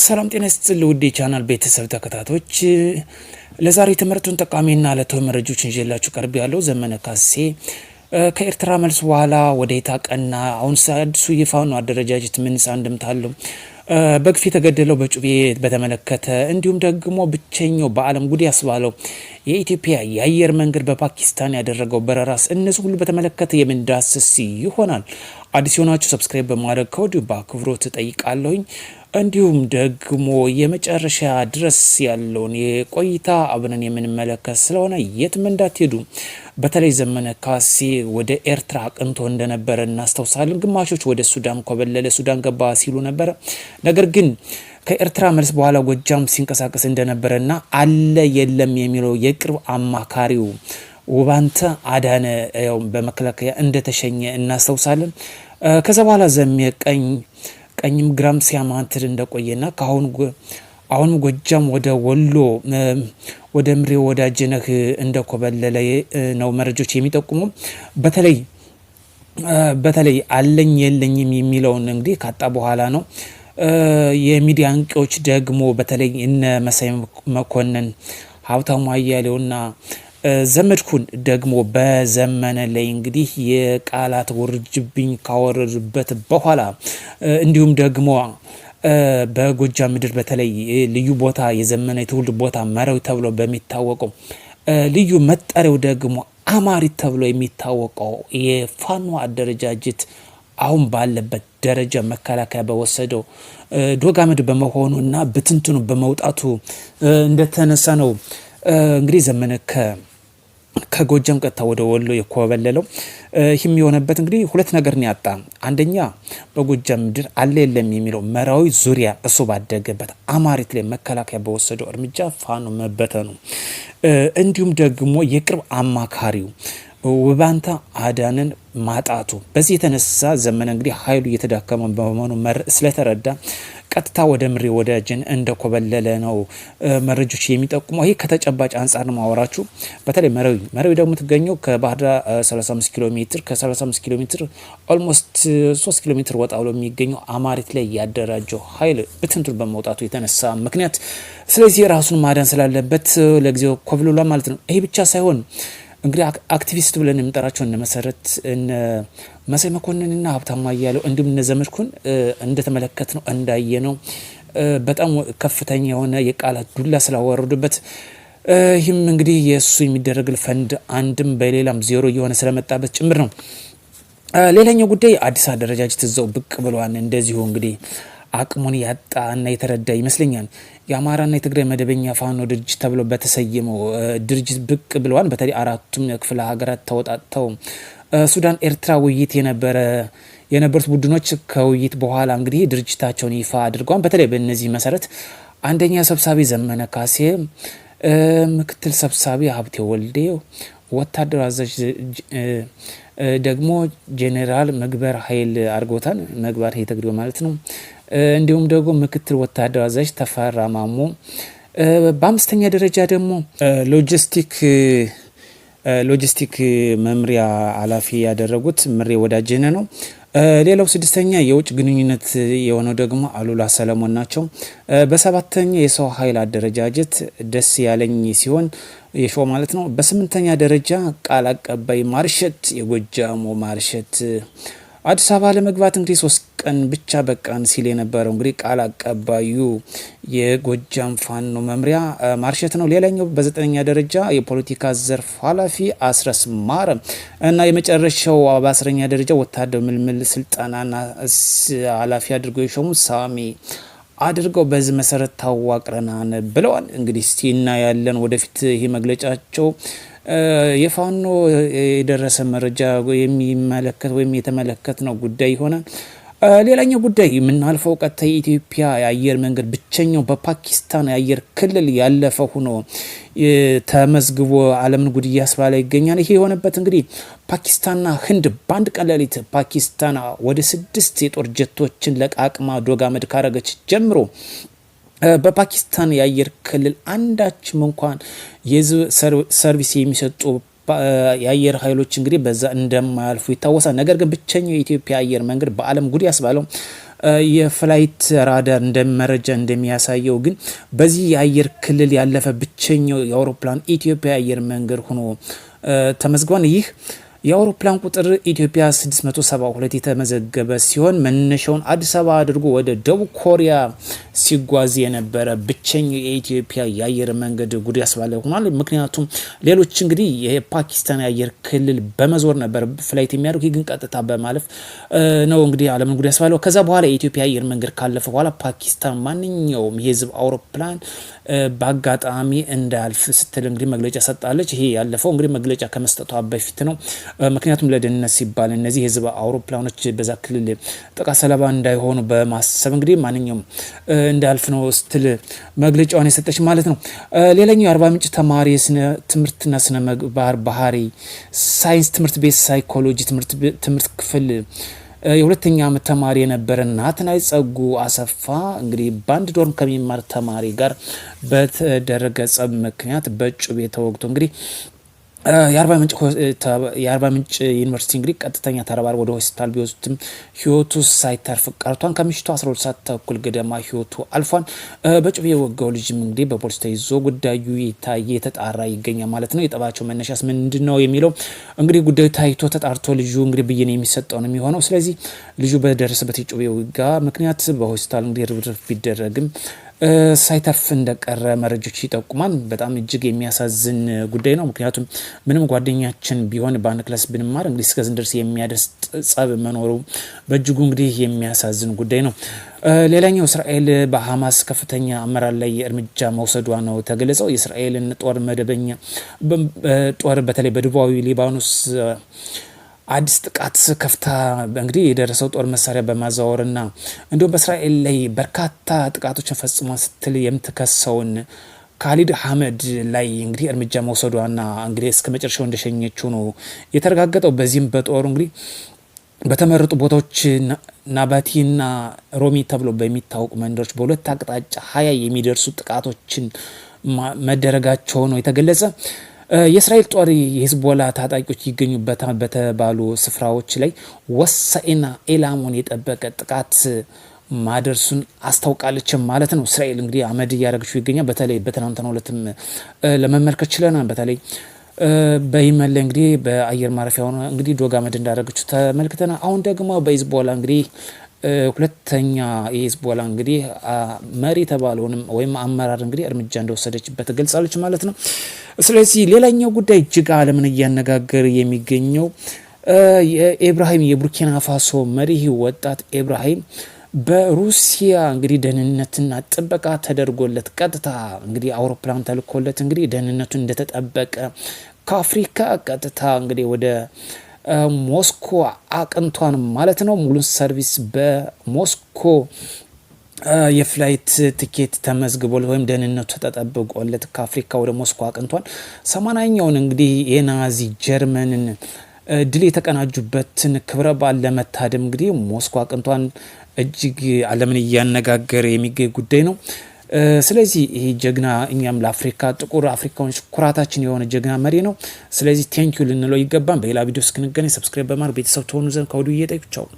ሰላም ጤና ይስጥልኝ ውድ የቻናል ቤተሰብ ተከታቶች፣ ለዛሬ ትምህርቱን ጠቃሚና ዕለታዊ መረጃዎችን ቀርብ ያለው ዘመነ ካሴ ከኤርትራ መልስ በኋላ ወደየት አቀና? አሁን አዲሱ ነው አደረጃጀት ምንስ አንድምታ አለው? በግፍ የተገደለው በጩቤ በተመለከተ እንዲሁም ደግሞ ብቸኛው በዓለም ጉድ ያስባለው የኢትዮጵያ የአየር መንገድ በፓኪስታን ያደረገው በረራስ እነዚህ ሁሉ በተመለከተ የምንዳስስ ይሆናል። አዲስ የሆናችሁ ሰብስክራይብ በማድረግ ከወዲሁ በአክብሮት እጠይቃለሁኝ። እንዲሁም ደግሞ የመጨረሻ ድረስ ያለውን የቆይታ አብረን የምንመለከት ስለሆነ የትም እንዳትሄዱ። በተለይ ዘመነ ካሴ ወደ ኤርትራ አቅንቶ እንደነበረ እናስታውሳለን። ግማሾች ወደ ሱዳን ኮበለለ፣ ሱዳን ገባ ሲሉ ነበረ። ነገር ግን ከኤርትራ መልስ በኋላ ጎጃም ሲንቀሳቀስ እንደነበረና አለ የለም የሚለው የቅርብ አማካሪው ውባንተ አዳነ በመከላከያ እንደተሸኘ እናስታውሳለን። ከዛ በኋላ ዘሜ ቀኝ ቀኝም ግራም ሲያማትር እንደቆየና ከአሁን ጎጃም ወደ ወሎ ወደ ምሬ ወዳጅነህ እንደኮበለለ ነው መረጃዎች የሚጠቁሙ። በተለይ በተለይ አለኝ የለኝም የሚለውን እንግዲህ ካጣ በኋላ ነው። የሚዲያ አንቂዎች ደግሞ በተለይ እነ መሳይ መኮንን ሀብታሙ አያሌውና ዘመድኩን ደግሞ በዘመነ ላይ እንግዲህ የቃላት ውርጅብኝ ካወረዱበት በኋላ እንዲሁም ደግሞ በጎጃም ምድር በተለይ ልዩ ቦታ የዘመነ የትውልድ ቦታ መራዊ ተብሎ በሚታወቀው ልዩ መጠሪያው ደግሞ አማሪ ተብሎ የሚታወቀው የፋኖ አደረጃጀት አሁን ባለበት ደረጃ መከላከያ በወሰደው ዶጋመድ በመሆኑ እና ብትንትኑ በመውጣቱ እንደተነሳ ነው እንግዲህ ዘመነ ከ ከጎጃም ቀጥታ ወደ ወሎ የኮበለለው ይህም የሆነበት እንግዲህ ሁለት ነገር ነው ያጣ። አንደኛ በጎጃም ምድር አለ የለም የሚለው መራዊ ዙሪያ እሱ ባደገበት አማሪት ላይ መከላከያ በወሰደው እርምጃ ፋኖ መበተኑ፣ እንዲሁም ደግሞ የቅርብ አማካሪው ውባንታ አዳንን ማጣቱ በዚህ የተነሳ ዘመነ እንግዲህ ኃይሉ እየተዳከመ በመሆኑ ስለተረዳ ቀጥታ ወደ ምሬ ጅን እንደኮበለለ ነው መረጆች የሚጠቁመው። ይሄ ከተጨባጭ አንጻር ነው ማወራችሁ። በተለይ መረዊ መረዊ ደግሞ የምትገኘው ከባህር 35 ኪሎ ሜትር ከ35 ኪሎ ሜትር ኦልሞስት 3 ኪሎ ሜትር ወጣ ብሎ የሚገኘው አማሪት ላይ ያደራጀው ኃይል ብትንቱን በመውጣቱ የተነሳ ምክንያት ስለዚህ ራሱን ማዳን ስላለበት ለጊዜው ኮብልላ ማለት ነው። ይሄ ብቻ ሳይሆን እንግዲህ አክቲቪስት ብለን የምንጠራቸው እነ መሰረት እነ መሳይ መኮንንና ሀብታሙ አያሌው እንዲሁም እነ ዘመድኩን እንደተመለከት ነው እንዳየ ነው በጣም ከፍተኛ የሆነ የቃላት ዱላ ስላወረዱበት ይህም እንግዲህ የእሱ የሚደረግል ፈንድ አንድም በሌላም ዜሮ እየሆነ ስለመጣበት ጭምር ነው። ሌላኛው ጉዳይ አዲስ አደረጃጀት እዛው ብቅ ብሏን እንደዚሁ እንግዲህ አቅሙን ያጣና የተረዳ ይመስለኛል። የአማራና የትግራይ መደበኛ ፋኖ ድርጅት ተብሎ በተሰየመው ድርጅት ብቅ ብለዋል። በተለይ አራቱም ክፍለ ሀገራት ተወጣጥተው ሱዳን ኤርትራ ውይይት የነበረ የነበሩት ቡድኖች ከውይይት በኋላ እንግዲህ ድርጅታቸውን ይፋ አድርገዋል። በተለይ በእነዚህ መሰረት አንደኛ ሰብሳቢ ዘመነ ካሴ፣ ምክትል ሰብሳቢ ሀብቴ ወልዴ፣ ወታደር አዛዥ ደግሞ ጄኔራል መግበር ኃይል አድርጎታል። መግበር ኃይል ተግዶ ማለት ነው። እንዲሁም ደግሞ ምክትል ወታደር አዛዥ ተፈራ ማሞ፣ በአምስተኛ ደረጃ ደግሞ ሎጂስቲክ ሎጂስቲክ መምሪያ ኃላፊ ያደረጉት ምሬ ወዳጅነ ነው። ሌላው ስድስተኛ የውጭ ግንኙነት የሆነው ደግሞ አሉላ ሰለሞን ናቸው። በሰባተኛ የሰው ኃይል አደረጃጀት ደስ ያለኝ ሲሆን የሾ ማለት ነው። በስምንተኛ ደረጃ ቃል አቀባይ ማርሸት የጎጃሙ ማርሸት አዲስ አበባ ለመግባት እንግዲህ ሶስት ቀን ብቻ በቃን ሲል የነበረው እንግዲህ ቃል አቀባዩ የጎጃም ፋኖ መምሪያ ማርሸት ነው። ሌላኛው በዘጠነኛ ደረጃ የፖለቲካ ዘርፍ ኃላፊ አስረስ ማረ እና የመጨረሻው በአስረኛ ደረጃ ወታደር ምልምል ስልጠናና ኃላፊ አድርጎ የሾሙ ሳሚ አድርገው በዚህ መሰረት ታዋቅረናን ብለዋል። እንግዲህ እስቲ ያለን ወደፊት ይህ መግለጫቸው የፋኖ የደረሰ መረጃ የሚመለከት ወይም የተመለከት ነው ጉዳይ ይሆናል። ሌላኛው ጉዳይ የምናልፈው ቀጥታ የኢትዮጵያ የአየር መንገድ ብቸኛው በፓኪስታን የአየር ክልል ያለፈ ሆኖ ተመዝግቦ ዓለምን ጉድ እያስባለ ይገኛል። ይሄ የሆነበት እንግዲህ ፓኪስታንና ህንድ በአንድ ቀን ሌሊት ፓኪስታን ወደ ስድስት የጦር ጀቶችን ለቃቅማ ዶግ አመድ ካረገች ጀምሮ በፓኪስታን የአየር ክልል አንዳችም እንኳን የህዝብ ሰርቪስ የሚሰጡ የአየር ኃይሎች እንግዲህ በዛ እንደማያልፉ ይታወሳል። ነገር ግን ብቸኛው የኢትዮጵያ አየር መንገድ በዓለም ጉድ ያስባለው የፍላይት ራዳር እንደመረጃ እንደሚያሳየው ግን በዚህ የአየር ክልል ያለፈ ብቸኛው የአውሮፕላን ኢትዮጵያ አየር መንገድ ሆኖ ተመዝግቧል። ይህ የአውሮፕላን ቁጥር ኢትዮጵያ 672 የተመዘገበ ሲሆን መነሻውን አዲስ አበባ አድርጎ ወደ ደቡብ ኮሪያ ሲጓዝ የነበረ ብቸኛው የኢትዮጵያ የአየር መንገድ ጉድ ያስባለ ሆኗል። ምክንያቱም ሌሎች እንግዲህ የፓኪስታን የአየር ክልል በመዞር ነበር ፍላይት የሚያደርጉ ግን ቀጥታ በማለፍ ነው እንግዲህ አለምን ጉድ ያስባለው። ከዛ በኋላ የኢትዮጵያ አየር መንገድ ካለፈ በኋላ ፓኪስታን ማንኛውም የህዝብ አውሮፕላን በአጋጣሚ እንዳያልፍ ስትል እንግዲህ መግለጫ ሰጣለች። ይሄ ያለፈው እንግዲህ መግለጫ ከመስጠቷ በፊት ነው። ምክንያቱም ለደህንነት ሲባል እነዚህ የህዝብ አውሮፕላኖች በዛ ክልል ጥቃት ሰለባ እንዳይሆኑ በማሰብ እንግዲህ ማንኛውም እንዳልፍ ነው ስትል መግለጫዋን የሰጠች ማለት ነው። ሌላኛው የአርባ ምንጭ ተማሪ የስነ ትምህርትና ስነ ምግባር ባህሪ ሳይንስ ትምህርት ቤት ሳይኮሎጂ ትምህርት ክፍል የሁለተኛ ዓመት ተማሪ የነበረ ናትናይ ጸጉ አሰፋ እንግዲህ በአንድ ዶርም ከሚማር ተማሪ ጋር በተደረገ ጸብ ምክንያት በጩቤ ተወግቶ እንግዲህ የአርባ ምንጭ ዩኒቨርሲቲ እንግዲህ ቀጥተኛ ተረባር ወደ ሆስፒታል ቢወስድም ህይወቱ ሳይተርፍ ቀርቷን። ከምሽቱ 12 ሰዓት ተኩል ገደማ ህይወቱ አልፏን። በጩቤ የወጋው ልጅም እንግዲህ በፖሊስ ተይዞ ጉዳዩ የታየ የተጣራ ይገኛል ማለት ነው። የጠባቸው መነሻስ ምንድን ነው የሚለው እንግዲህ ጉዳዩ ታይቶ ተጣርቶ ልጁ እንግዲህ ብይን የሚሰጠው ነው የሚሆነው። ስለዚህ ልጁ በደረሰበት የጩቤ ውጋ ምክንያት በሆስፒታል እንግዲህ ርብርብ ቢደረግም ሳይተርፍ እንደቀረ መረጃዎች ይጠቁማል። በጣም እጅግ የሚያሳዝን ጉዳይ ነው። ምክንያቱም ምንም ጓደኛችን ቢሆን በአንድ ክላስ ብንማር እንግዲህ እስከዚህ ድረስ የሚያደርስ ጸብ መኖሩ በእጅጉ እንግዲህ የሚያሳዝን ጉዳይ ነው። ሌላኛው እስራኤል በሐማስ ከፍተኛ አመራር ላይ እርምጃ መውሰዷ ነው ተገለጸው። የእስራኤልን ጦር መደበኛ ጦር በተለይ በደቡባዊ ሊባኖስ አዲስ ጥቃት ከፍታ እንግዲህ የደረሰው ጦር መሳሪያ በማዘዋወርና እንዲሁም በእስራኤል ላይ በርካታ ጥቃቶችን ፈጽሞ ስትል የምትከሰውን ካሊድ ሀመድ ላይ እንግዲህ እርምጃ መውሰዷና እንግዲህ እስከ መጨረሻው እንደሸኘችው ነው የተረጋገጠው። በዚህም በጦሩ እንግዲህ በተመረጡ ቦታዎች ናባቲና ሮሚ ተብሎ በሚታወቁ መንደሮች በሁለት አቅጣጫ ሀያ የሚደርሱ ጥቃቶችን መደረጋቸው ነው የተገለጸ። የእስራኤል ጦር የህዝቦላ ታጣቂዎች ይገኙበታል በተባሉ ስፍራዎች ላይ ወሳኝና ኤላሞን የጠበቀ ጥቃት ማደርሱን አስታውቃለች ማለት ነው። እስራኤል እንግዲህ አመድ እያደረገችው ይገኛል። በተለይ በትናንትናው ዕለትም ለመመልከት ችለናል። በተለይ በይመለ እንግዲህ በአየር ማረፊያ ሆነ እንግዲህ ዶግ አመድ እንዳደረገችው ተመልክተናል። አሁን ደግሞ በሂዝቦላ እንግዲህ ሁለተኛ የሂዝቦላ እንግዲህ መሪ ተባለውንም ወይም አመራር እንግዲህ እርምጃ እንደወሰደችበት ገልጻለች ማለት ነው። ስለዚህ ሌላኛው ጉዳይ እጅግ ዓለምን እያነጋገር የሚገኘው የኢብራሂም የቡርኪና ፋሶ መሪ ወጣት ኢብራሂም በሩሲያ እንግዲህ ደህንነትና ጥበቃ ተደርጎለት ቀጥታ እንግዲህ አውሮፕላን ተልኮለት እንግዲህ ደህንነቱን እንደተጠበቀ ከአፍሪካ ቀጥታ እንግዲህ ወደ ሞስኮ አቅንቷን ማለት ነው። ሙሉን ሰርቪስ በሞስኮ የፍላይት ትኬት ተመዝግቦል ወይም ደህንነቱ ተጠብቆለት ከአፍሪካ ወደ ሞስኮ አቅንቷል። ሰማናኛውን እንግዲህ የናዚ ጀርመንን ድል የተቀናጁበትን ክብረ በዓል ለመታደም እንግዲህ ሞስኮ አቅንቷን እጅግ ዓለምን እያነጋገረ የሚገኝ ጉዳይ ነው። ስለዚህ ይሄ ጀግና እኛም ለአፍሪካ ጥቁር አፍሪካዎች ኩራታችን የሆነ ጀግና መሪ ነው። ስለዚህ ቴንኪዩ ልንለው ይገባን። በሌላ ቪዲዮ እስክንገናኝ ሰብስክራይብ በማድረግ ቤተሰብ ትሆኑ ዘንድ ከወዲሁ እየጠይቁ ቻው